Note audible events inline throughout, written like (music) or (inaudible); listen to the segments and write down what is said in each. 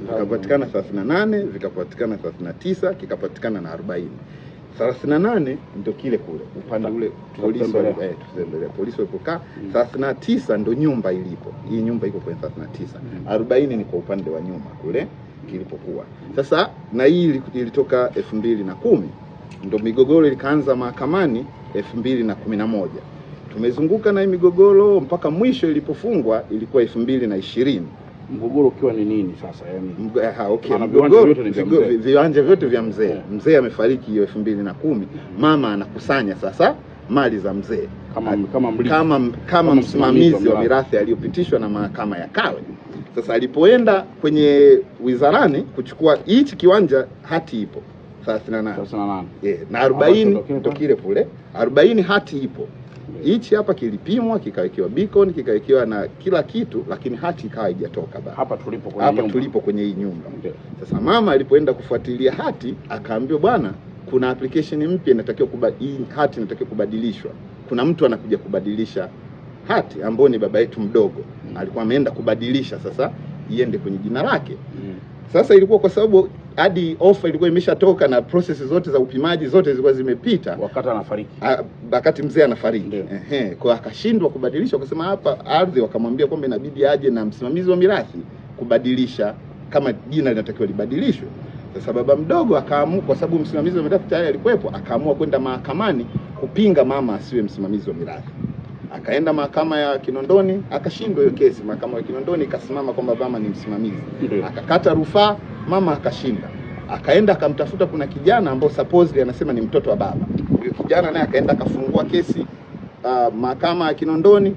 vikapatikana thelathini na nane vikapatikana thelathini na tisa kikapatikana na arobaini thelathini na nane ndio kile kule upande ule polisi walipokaa. Eh, thelathini na tisa ndio nyumba ilipo, hii nyumba iko kwenye thelathini na tisa. Mm. Arobaini ni kwa upande wa nyuma kule kilipokuwa sasa, na hii ilitoka elfu mbili na kumi ndo migogoro ilikaanza mahakamani elfu mbili na kumi na moja tumezunguka na hii migogoro mpaka mwisho ilipofungwa ilikuwa elfu mbili na ishirini mgogoro ukiwa ni nini sasa yani? Eh, viwanja vyote vya mzee, mzee amefariki hiyo elfu mbili na kumi, mm-hmm. mama anakusanya sasa mali za mzee kama, kama, kama, kama msimamizi wa mirathi aliyopitishwa na mahakama ya Kawe. Sasa alipoenda kwenye wizarani kuchukua hichi kiwanja, hati ipo 38 na 40 ah, tokile kule 40 hati ipo hichi hapa kilipimwa kikawekewa beacon kikawekewa na kila kitu, lakini hati ikawa haijatoka bado hapa tulipo kwenye hapa tulipo kwenye hii nyumba. Sasa mama alipoenda kufuatilia hati akaambiwa, bwana, kuna application mpya inatakiwa hii hati inatakiwa kubadilishwa, kuna mtu anakuja kubadilisha hati ambayo ni baba yetu mdogo mm. alikuwa ameenda kubadilisha sasa iende kwenye jina lake mm. Sasa ilikuwa kwa sababu hadi ofa ilikuwa imeshatoka na prosesi zote za upimaji zote zilikuwa zimepita, wakati anafariki, ah, wakati mzee anafariki. Ehe, kwa akashindwa kubadilisha, akasema hapa ardhi, wakamwambia kwamba inabidi aje na msimamizi wa mirathi kubadilisha kama jina linatakiwa libadilishwe. Sasa baba mdogo akaamua, kwa sababu msimamizi wa mirathi tayari alikuwepo, akaamua kwenda mahakamani kupinga mama asiwe msimamizi wa mirathi. Akaenda mahakama ya Kinondoni akashindwa hiyo kesi. Mahakama ya Kinondoni ikasimama kwamba mama ni msimamizi, akakata rufaa mama akashinda, akaenda akamtafuta, kuna kijana ambao supposedly anasema ni mtoto wa baba huyo. Kijana naye akaenda akafungua kesi uh, mahakama ya Kinondoni.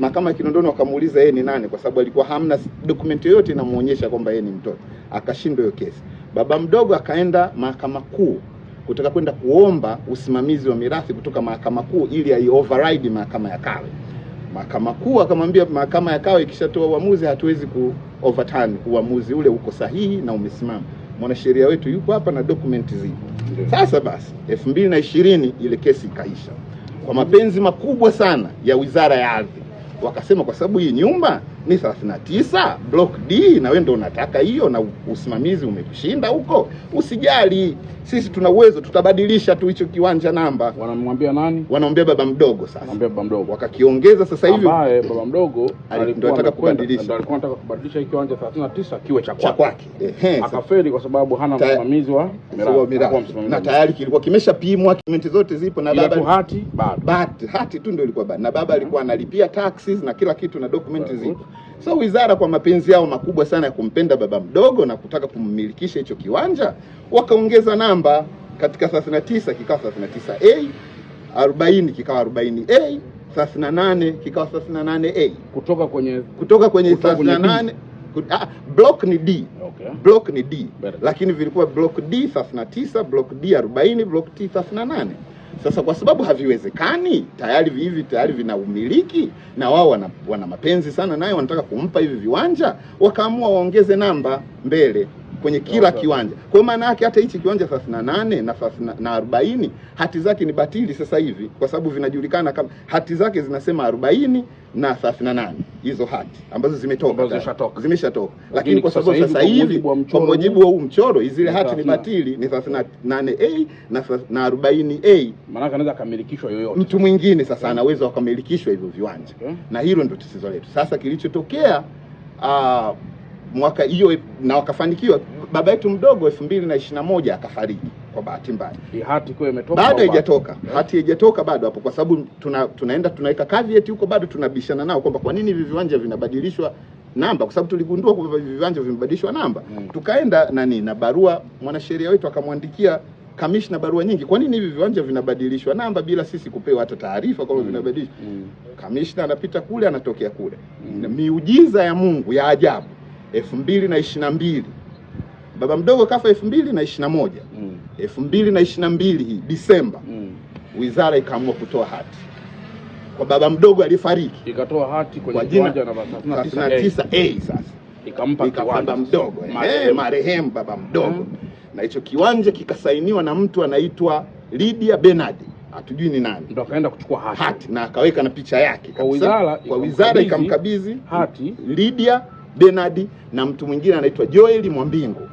Mahakama ya Kinondoni wakamuuliza yeye ni nani, kwa sababu alikuwa hamna dokumenti yoyote inamuonyesha kwamba yeye ni mtoto, akashindwa hiyo kesi. Baba mdogo akaenda mahakama kuu kutaka kwenda kuomba usimamizi wa mirathi kutoka mahakama kuu ili ai override mahakama ya Kawe. Mahakama Kuu akamwambia mahakama ya Kawe ikishatoa uamuzi hatuwezi ku overturn uamuzi ule, uko sahihi na umesimama. Mwanasheria wetu yuko hapa na dokumenti zipo. Sasa basi, elfu mbili na ishirini ile kesi ikaisha kwa mapenzi makubwa sana ya Wizara ya Ardhi, wakasema kwa sababu hii nyumba ni 39 block D, na wewe ndio unataka hiyo, na usimamizi umekushinda huko. Usijali, sisi tuna uwezo, tutabadilisha tu hicho kiwanja namba. Wanamwambia nani? Wanaombea baba mdogo. Sasa wanaombea baba mdogo, wakakiongeza sasa hivi, ambaye baba mdogo alikuwa anataka kubadilisha, alikuwa anataka kubadilisha hiyo kiwanja 39 kiwe cha kwake. Ehe, akafeli kwa sababu hana msimamizi wa miradi, na tayari kilikuwa kimeshapimwa, kimenti zote zipo, na baba hati bado hati tu ndio ilikuwa bado, na baba alikuwa analipia taxes na kila kitu na documents zipo so, wizara kwa mapenzi yao makubwa sana ya kumpenda baba mdogo na kutaka kummilikisha hicho kiwanja wakaongeza namba katika 39 kikawa 39A, 40 kikawa 40A, 38 kikawa 38A kutoka kwenye kutoka kwenye 38 Ah, block ni D. Okay. Block ni D. Better. Lakini vilikuwa block D 39, block D 40, block T 38. Sasa kwa sababu haviwezekani, tayari hivi tayari vina umiliki na wao wana, wana mapenzi sana naye wanataka kumpa hivi viwanja, wakaamua waongeze namba mbele kwenye kila kiwanja. Kwa maana yake hata hichi kiwanja 38 na 40 na 40 hati zake ni batili sasa hivi, kwa sababu vinajulikana kama hati zake zinasema 40 na 38, hizo hati ambazo zimetoka zimeshatoka, lakini kwa sababu sasa hivi kwa mujibu wa huu mchoro zile hati ni batili, ni 38A na 40A. Maana anaweza kamilikishwa yoyote, mtu mwingine sasa eh. anaweza wakamilikishwa hivyo viwanja, eh. na hilo ndio tatizo letu sasa kilichotokea ah, mwaka hiyo na wakafanikiwa. Baba yetu mdogo elfu mbili na ishirini na moja akafariki kwa bahati mbaya, bado haijatoka eh. hati haijatoka bado hapo, kwa sababu tuna, tunaenda tunaweka yetu huko, bado tunabishana nao kwamba kwa nini hivi viwanja vinabadilishwa namba kwa sababu tuligundua kwamba viwanja vimebadilishwa namba mm. Tukaenda nani na barua, mwanasheria wetu akamwandikia kamishna barua nyingi, kwa nini hivi viwanja vinabadilishwa namba bila sisi kupewa hata taarifa kwamba mm. vinabadilishwa mm. Kamishna anapita kule anatokea kule mm. Miujiza ya Mungu ya ajabu elfu mbili na ishirini na mbili baba mdogo kafa elfu mbili na ishirini na moja mm. elfu mbili na ishirini na mbili hii Disemba mm. wizara ikaamua kutoa hati kwa baba mdogo alifariki ikatoa hati jina kiwanja namba tisa a Sasa ikampa baba mdogo eh, marehemu baba mdogo mm. na hicho kiwanja kikasainiwa na mtu anaitwa Lydia Bernard hatujui ni nani, ndo akaenda kuchukua hati, hati na akaweka na picha yake wizara, Kwa wizara ikamkabidhi hati Lydia Bernard na mtu mwingine anaitwa Joel Mwambingu.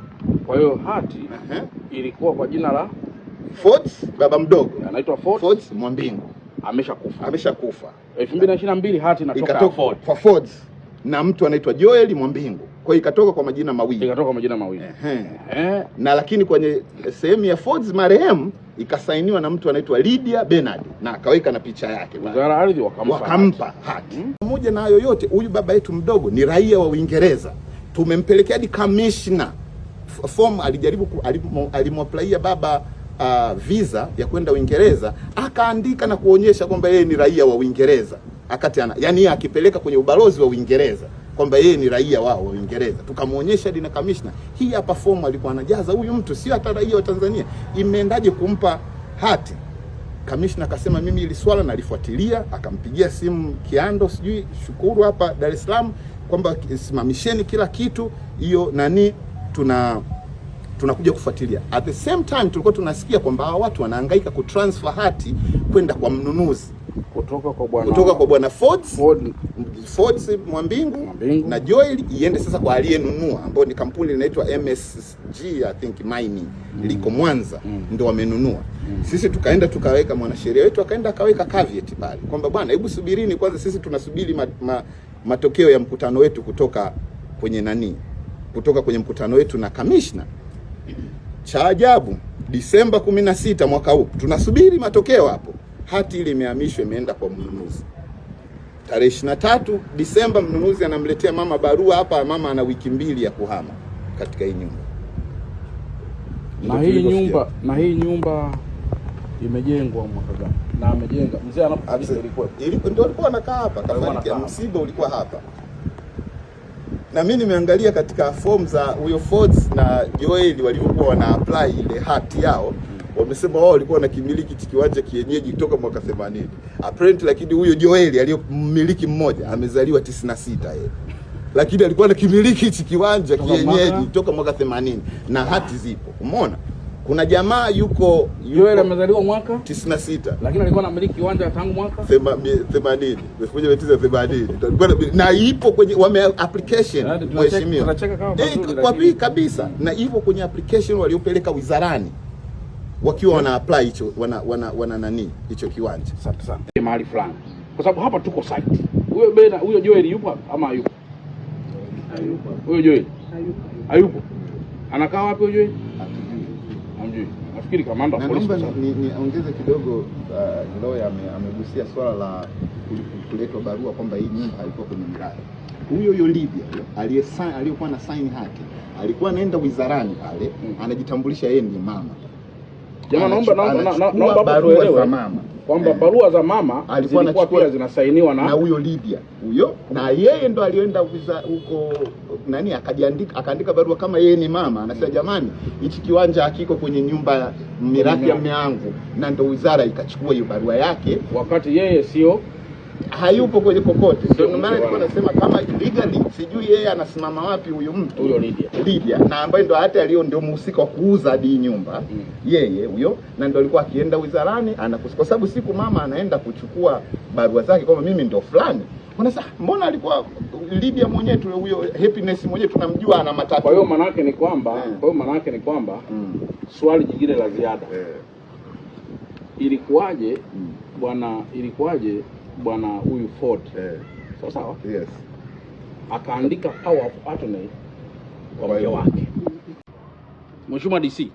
Kwa hiyo hati uh -huh. ilikuwa kwa jina la Fort baba mdogo anaitwa Fort Fort Mwambingu ameshakufa, ameshakufa 2022 hati inatoka kwa Fort na mtu anaitwa Joel Mwambingu. Kwa hiyo ikatoka kwa majina mawili, ikatoka kwa majina mawili ehe, ehe. Na lakini kwenye sehemu ya Fords marehemu ikasainiwa na mtu anaitwa Lydia Bernard na akaweka na picha yake, wizara ardhi wakampa, wakampa hati hmm? pamoja hmm. Na hayo yote, huyu baba yetu mdogo ni raia wa Uingereza, tumempelekea hadi commissioner form, alijaribu alimwaplaia baba uh, visa ya kwenda Uingereza, akaandika na kuonyesha kwamba yeye ni raia wa Uingereza akati ana, yani akipeleka kwenye ubalozi wa Uingereza kwamba yeye ni raia wao wa Uingereza, tukamwonyesha dina kamishna, hii hapa fomu alikuwa anajaza huyu mtu sio hata raia wa Tanzania, imeendaje kumpa hati? Kamishna akasema mimi ili swala nalifuatilia, akampigia simu Kiando, sijui Shukuru hapa Dar es Salaam, kwamba simamisheni kila kitu, hiyo nani tuna tunakuja kufuatilia. At the same time tulikuwa tunasikia kwamba hawa watu wanahangaika kutransfer hati kwenda kwa mnunuzi kutoka kwa bwana kutoka kwa bwana Ford Ford Ford Mwambingu, na Joel iende sasa kwa aliyenunua ambao ni kampuni linaitwa MSG I think mining mm. liko Mwanza mm. ndio wamenunua mm. Sisi tukaenda tukaweka mwanasheria wetu akaenda akaweka caveat pale kwamba bwana, hebu subirini kwanza, sisi tunasubiri ma, ma, matokeo ya mkutano wetu kutoka kwenye nani kutoka kwenye mkutano wetu na kamishna. Cha ajabu Disemba 16 mwaka huu tunasubiri matokeo hapo hati ile imehamishwa imeenda kwa mnunuzi. Tarehe ishirini tatu Disemba mnunuzi anamletea mama barua hapa, mama ana wiki mbili ya kuhama katika hii nyumba. Na hii nyumba, na hii nyumba imejengwa mwaka gani? Na amejenga mzee anapofariki ilikuwa ndio alikuwa anakaa hapa, kafariki msiba ulikuwa hapa. Na mimi nimeangalia katika fomu za huyo Fords na Joel walivyokuwa wana apply ile hati yao wamesema wao walikuwa wanakimiliki kiwanja kienyeji kutoka mwaka 80. Apparent lakini huyo Joel aliyomiliki mmoja amezaliwa 96 yeye. Lakini alikuwa anakimiliki hichi kiwanja kienyeji toka mwaka 80 na hati zipo. Umeona? Kuna jamaa yuko Joel amezaliwa mwaka 96. Lakini alikuwa anamiliki kiwanja tangu mwaka 80. 1980. Na ipo kwenye wame application mheshimiwa. Eh, kwa kabisa na ipo kwenye application waliopeleka wizarani wakiwa wana apply hicho wana, wana, wana nani hicho kiwanja mahali fulani, kwa sababu hapa tuko site. Huyo Bena, huyo Joel yupo ama hayupo? Huyo Joel hayupo, anakaa wapi huyo Joel? Hamjui? Nafikiri kamanda wa polisi. Niongeze kidogo, uh, lawyer amegusia swala la kuletwa barua kwamba hii nyumba haikuwa kwenye mradi. Huyo huyo Libya aliyekuwa na sign hati alikuwa anaenda wizarani pale, mm. anajitambulisha yeye ni mama Jamaa, naomba naomba barua za mama kwamba eh, barua za mama alikuwa zilikuwa pia zinasainiwa na huyo Libya huyo, na yeye ndo alienda huko nani, akajiandika akaandika barua kama yeye ni mama, anasema jamani, hichi kiwanja hakiko kwenye nyumba mirathi ya mume wangu, na ndo wizara ikachukua hiyo barua yake, wakati yeye sio hayupo kwenye kokote, ndio maana nilikuwa nasema kama legally sijui yeye anasimama wapi huyu mtu huyo Lydia. Lydia na ambaye ndo hata alio ndio mhusika wa kuuza hadi nyumba mm. yeye huyo, na ndio alikuwa akienda wizarani ana kwa sababu siku mama anaenda kuchukua barua zake kwamba mimi ndo fulani Unasa, mbona alikuwa Lydia mwenyewe tu huyo Happiness mwenyewe tunamjua ana matatizo. Kwa hiyo maana yake ni kwamba, yeah. kwa hiyo maana yake ni kwamba mm. swali jingine la ziada. Yeah. Ilikuwaje mm. bwana ilikuwaje bwana huyu Ford eh. sawa sawa, yes. akaandika power of attorney kwa mke wake Mheshimiwa DC,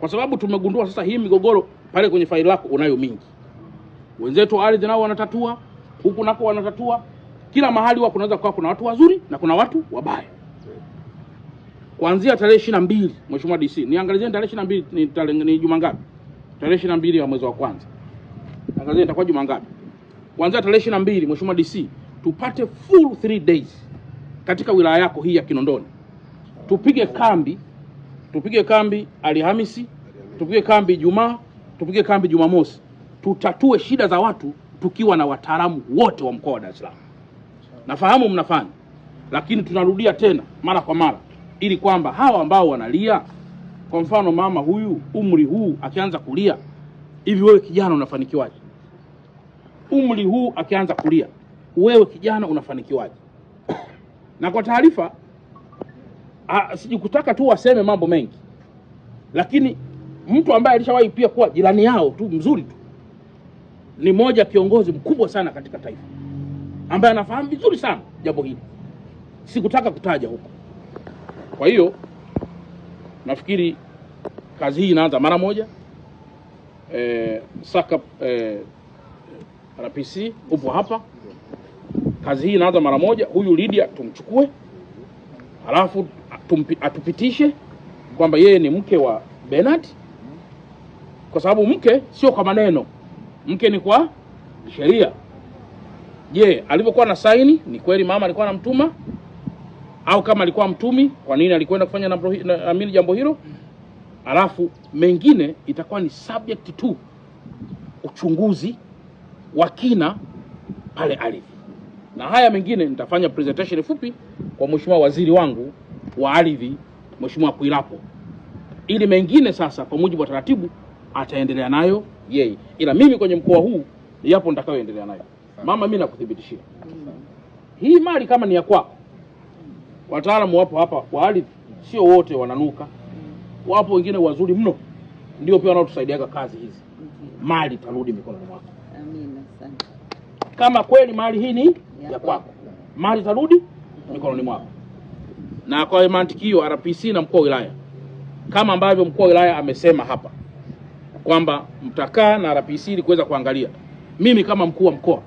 kwa sababu tumegundua sasa hii migogoro pale kwenye faili lako unayo mingi, wenzetu ardhi nao wanatatua huku nako wanatatua, kila mahali huwa kunaweza kuwa kuna watu wazuri na kuna watu wabaya. Kuanzia tarehe ishirini na mbili Mheshimiwa DC, niangalieni tarehe ishirini na mbili ni, ni juma ngapi? Tarehe ishirini na mbili ya mwezi wa kwanza, angalieni itakuwa juma ngapi? kuanzia tarehe 22 na Mheshimiwa DC, tupate full three days katika wilaya yako hii ya Kinondoni, tupige kambi, tupige kambi Alhamisi, tupige kambi Ijumaa, tupige kambi Jumamosi, tutatue shida za watu tukiwa na wataalamu wote wa mkoa wa Dar es Salaam. Nafahamu mnafanya, lakini tunarudia tena mara kwa mara, ili kwamba hawa ambao wanalia, kwa mfano mama huyu umri huu akianza kulia hivi, wewe kijana unafanikiwaje? umri huu akianza kulia, wewe kijana unafanikiwaje? (coughs) Na kwa taarifa, sijikutaka tu waseme mambo mengi, lakini mtu ambaye alishawahi pia kuwa jirani yao tu mzuri tu ni moja kiongozi mkubwa sana katika taifa ambaye anafahamu vizuri sana jambo hili, sikutaka kutaja huko. Kwa hiyo nafikiri kazi hii inaanza mara moja. Eh, saka eh, RPC upo hapa, kazi hii inaanza mara moja. Huyu Lydia tumchukue, halafu atupitishe kwamba yeye ni mke wa Bernard, kwa sababu mke sio kwa maneno, mke ni kwa sheria. Je, alivyokuwa na saini, ni kweli mama alikuwa anamtuma au kama alikuwa mtumi, kwa nini alikwenda kufanya amini jambo hilo? Alafu mengine itakuwa ni subject tu uchunguzi wa kina pale ardhi, na haya mengine nitafanya presentation fupi kwa mheshimiwa waziri wangu wa ardhi, Mheshimiwa Kuilapo, ili mengine sasa kwa mujibu wa taratibu ataendelea nayo yeye, ila mimi kwenye mkoa huu yapo nitakayoendelea nayo. Mama, mimi nakuthibitishia hii mali kama ni ya kwako, wataalamu wapo hapa wa ardhi, sio wote wananuka, wapo wengine wazuri mno, ndio pia wanaotusaidiaga kazi hizi. Mali tarudi mikononi mwako kama kweli mali hii ni ya kwako, mali tarudi mikononi mwako. Na kwa mantiki hiyo, RPC na mkuu wa wilaya kama ambavyo mkuu wa wilaya amesema hapa kwamba mtakaa na RPC ili kuweza kuangalia. Mimi kama mkuu wa mkoa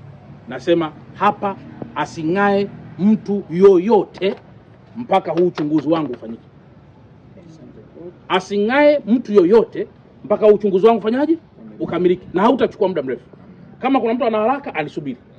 nasema hapa asing'ae mtu yoyote mpaka huu uchunguzi wangu ufanyike, asing'ae mtu yoyote mpaka huu uchunguzi wangu ufanyaje ukamilike, na hautachukua muda mrefu. Kama kuna mtu ana haraka alisubiri.